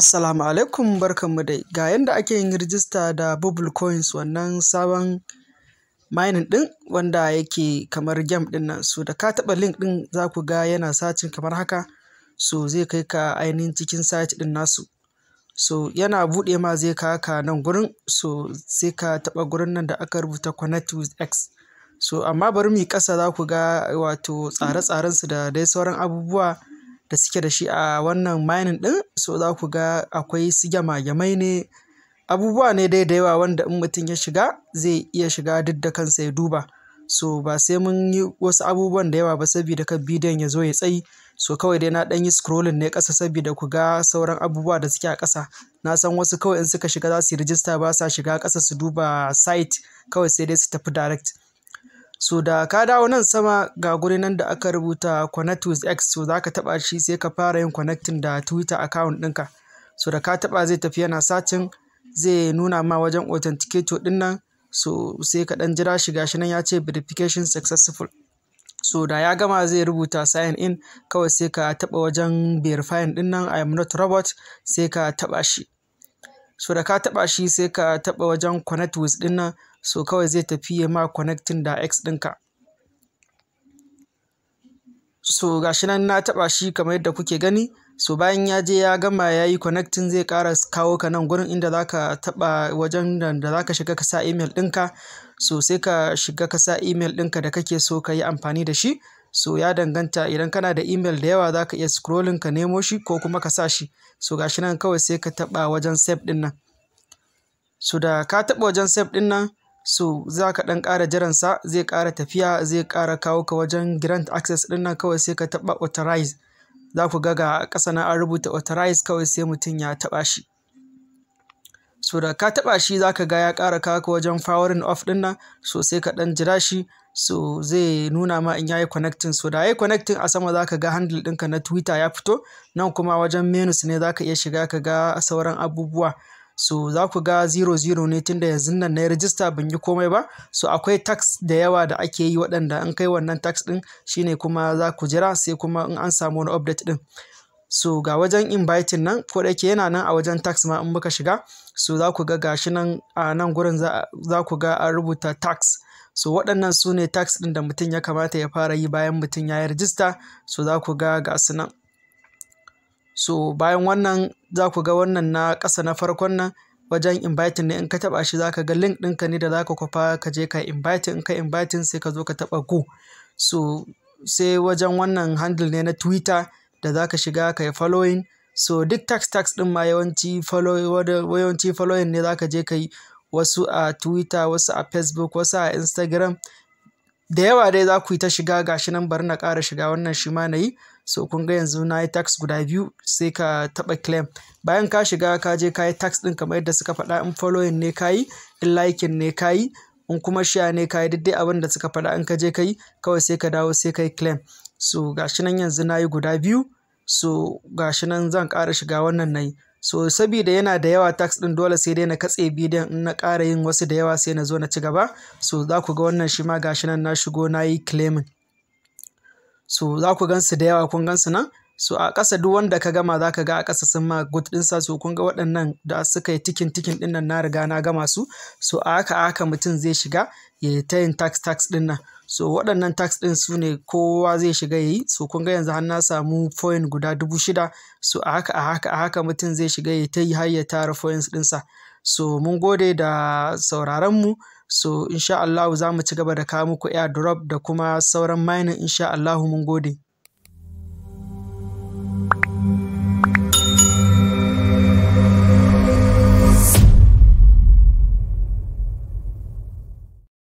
Assalamu alaikum barkanmu dai ga yadda ake yin rijista da Bubble Coins wannan sabon mining ɗin wanda yake kamar game ɗin nan so da ka taɓa link ɗin za ku ga yana sacin kamar haka so zai kai ka ainihin cikin site ɗin nasu so yana buɗe ma zai ka ka nan gurin so sai ka taɓa gurin nan da aka rubuta connect with X so amma bari mu yi ƙasa za ku ga wato tsare-tsarensu da dai sauran abubuwa da suke da shi a wannan mining din, so za ku ga akwai su gyama-gyamai ne abubuwa ne dai da yawa wanda in mutum ya shiga zai iya shiga duk da kansa ya duba so ba sai mun yi wasu abubuwan da yawa ba saboda kan bidiyon ya zo ya tsayi so kawai dai na ɗan yi scrolling ne ƙasa saboda ku ga sauran abubuwa da suke a ƙasa na san wasu kawai in suka shiga za su yi ba sa shiga ƙasa su duba site kawai sai dai su tafi direct so da ka dawo nan sama ga guri nan da aka rubuta connect with x so za ka taɓa shi sai ka fara yin connecting da twitter account ɗinka so da ka taba zai tafi yana satin zai nuna ma wajen authenticator ɗin nan so sai ka ɗan jira shi nan ya ce verification successful so da ya gama zai rubuta sign in kawai sai ka taba wajen verifying ɗin nan i am not robot sai ka taɓa shi so da ka taɓa shi sai ka taba wajen connect with ɗinnan nan so kawai zai tafi ya ma connecting da x ɗinka so gashi nan na taba shi kamar yadda kuke gani so bayan ya je ya gama ya yi connecting zai kara kawo ka nan gurin inda za ka taɓa wajen da za shiga ka sa email ɗinka so sai ka shiga ka sa email ɗinka da kake so ka yi amfani da shi so ya danganta idan kana da email da yawa za ka iya scrolling ka nemo shi ko kuma ka sa shi so shi nan kawai sai ka taɓa wajen save ɗin nan so da ka taɓa wajen save ɗin nan so za ka ɗan ƙara jiransa zai ƙara tafiya zai ƙara kawo ka wajen grant access ɗin nan kawai sai ka taɓa authorize za ku ga ga ƙasa na an rubuta authorize kawai sai mutum ya taɓa shi so da ka taɓa shi za ka ga ya kara kaka wajen powering of ɗinnan nan so sai ka dan jira shi so zai nuna ma in yayi connecting so da yayi connecting a sama zaka ga handle ɗinka na twitter ya fito nan kuma wajen menus ne zaka iya shiga ka ga sauran abubuwa so za ku ga 00 ne tunda yanzu nan na rijista ban yi komai ba so akwai tax da yawa da ake yi waɗanda an kai wannan tax ɗin shine kuma za ku jira sai kuma in an samu wani update ɗin so ga wajen inviting nan ko da yake yana nan a wajen tax ma in muka shiga so za ku ga gashi nan a nan gurin za ku ga an rubuta tax so waɗannan su ne tax ɗin da mutum ya kamata ya fara yi bayan mutum ya yi rajista so za ku ga ga nan so bayan wannan za ku ga wannan na ƙasa na farkon nan wajen inviting ne in ka taɓa shi za ka ga link ɗinka ne da za ka kwafa ka je ka inviting in ka inviting sai ka zo ka taɓa go so sai wajen wannan handle ne na twitter da za ka shiga ka yi following so duk tax tax ɗin ma yawanci yawanci following ne za ka je ka yi wasu a twitter wasu a facebook wasu a instagram da yawa dai za ku yi ta shiga gashi nan bari na ƙara shiga wannan shi ma na yi so kun ga yanzu na yi tax guda biyu sai ka taɓa claim bayan ka shiga ka je ka yi tax ɗin kamar yadda suka faɗa in following ne ka yi in liking ne ka yi in kuma share ne ka yi duk dai abin da suka faɗa in ka je ka yi kawai sai ka dawo sai ka yi claim so gashi nan yanzu na yi guda biyu so gashi nan zan ƙara shiga wannan na yi so sabida yana da yawa tax ɗin dole sai dai na katse bidiyon in na ƙara yin wasu da yawa sai na zo na ci gaba so za ku ga wannan shi ma gashi nan na shigo na yi claiming so za ku gansu da yawa kun gansu nan so a ƙasa duk wanda ka gama za ka ga a ƙasa sun ma good sa so kun ga waɗannan da suka yi tikin tikin ɗin nan na riga na gama su so a haka haka mutum zai shiga ya yi ta yin tax tax ɗin nan so waɗannan tax ɗin su ne kowa zai shiga yayi so kun ga yanzu har na samu point guda dubu shida so a haka a haka a haka mutum zai shiga yayi ta yi har ya tara points ɗinsa so mun gode da sauraron mu so insha Allah za mu ci gaba da kawo muku airdrop da kuma sauran mining insha Allah mun gode